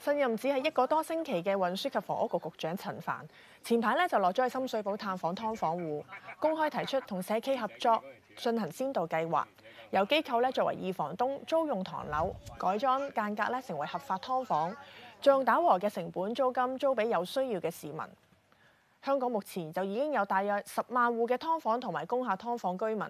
新任只係一個多星期嘅運輸及房屋局局，局長陳帆，前排咧就落咗去深水埗探訪劏房戶，公開提出同社企合作進行先導計劃，由機構咧作為二房東租用唐樓改裝間隔咧成為合法劏房，再用打和嘅成本租金租俾有需要嘅市民。香港目前就已經有大約十萬戶嘅劏房同埋公客劏房居民，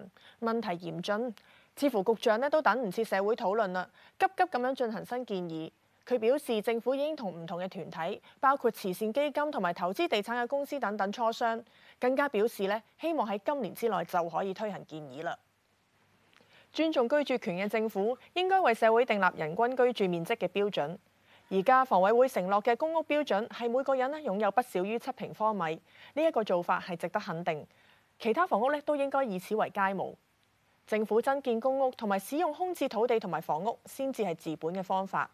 問題嚴峻，似乎局長咧都等唔切社會討論啦，急急咁樣進行新建議。佢表示，政府已經同唔同嘅團體，包括慈善基金同埋投資地產嘅公司等等磋商。更加表示咧，希望喺今年之內就可以推行建議啦。尊重居住權嘅政府應該為社會訂立人均居住面積嘅標準。而家房委會承諾嘅公屋標準係每個人咧擁有不少於七平方米，呢、這、一個做法係值得肯定。其他房屋咧都應該以此為楷模。政府增建公屋同埋使用空置土地同埋房屋先至係治本嘅方法。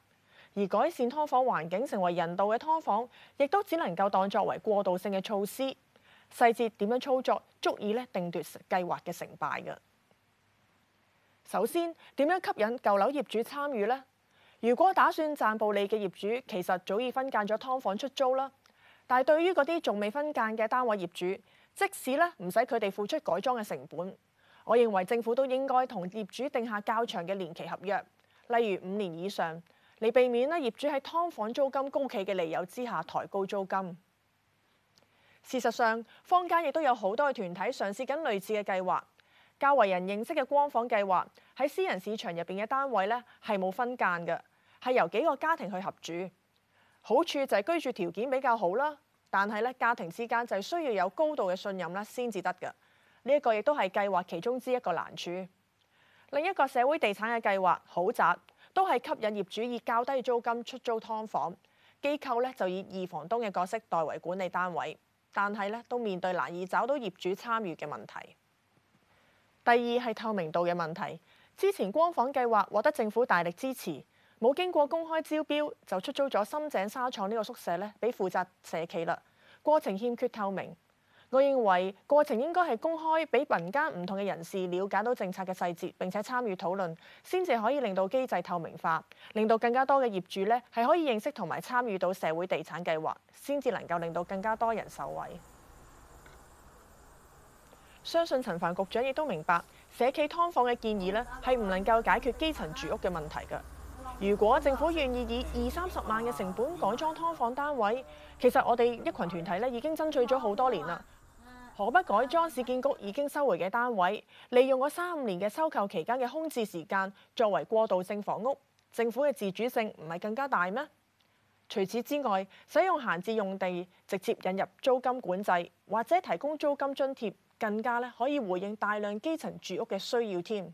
而改善劏房環境成為人道嘅劏房，亦都只能夠當作為過渡性嘅措施。細節點樣操作，足以咧定奪計劃嘅成敗嘅。首先，點樣吸引舊樓業主參與呢？如果打算賺暴利嘅業主，其實早已分間咗劏房出租啦。但係對於嗰啲仲未分間嘅單位業主，即使咧唔使佢哋付出改裝嘅成本，我認為政府都應該同業主定下較長嘅年期合約，例如五年以上。嚟避免咧，業主喺劏房租金高企嘅理由之下抬高租金。事實上，坊間亦都有好多嘅團體嘗試緊類似嘅計劃。較為人認識嘅光房計劃喺私人市場入邊嘅單位咧係冇分間嘅，係由幾個家庭去合住。好處就係居住條件比較好啦，但係咧家庭之間就係需要有高度嘅信任啦先至得嘅。呢一個亦都係計劃其中之一個難處。另一個社會地產嘅計劃好窄。都係吸引業主以較低租金出租劏房，機構咧就以二房東嘅角色代為管理單位，但係咧都面對難以找到業主參與嘅問題。第二係透明度嘅問題，之前光房計劃獲得政府大力支持，冇經過公開招標就出租咗深井沙廠呢個宿舍咧，俾負責社企啦，過程欠缺透明。我認為過程應該係公開，俾民間唔同嘅人士了解到政策嘅細節，並且參與討論，先至可以令到機制透明化，令到更加多嘅業主咧係可以認識同埋參與到社會地產計劃，先至能夠令到更加多人受惠。相信陳帆局長亦都明白，社企劏房嘅建議呢係唔能夠解決基層住屋嘅問題嘅。如果政府願意以二三十萬嘅成本改裝劏房單位，其實我哋一群團體呢已經爭取咗好多年啦。何不改裝市建局已經收回嘅單位，利用嗰三五年嘅收購期間嘅空置時間作為過渡性房屋？政府嘅自主性唔係更加大咩？除此之外，使用閒置用地直接引入租金管制，或者提供租金津貼，更加咧可以回應大量基層住屋嘅需要添。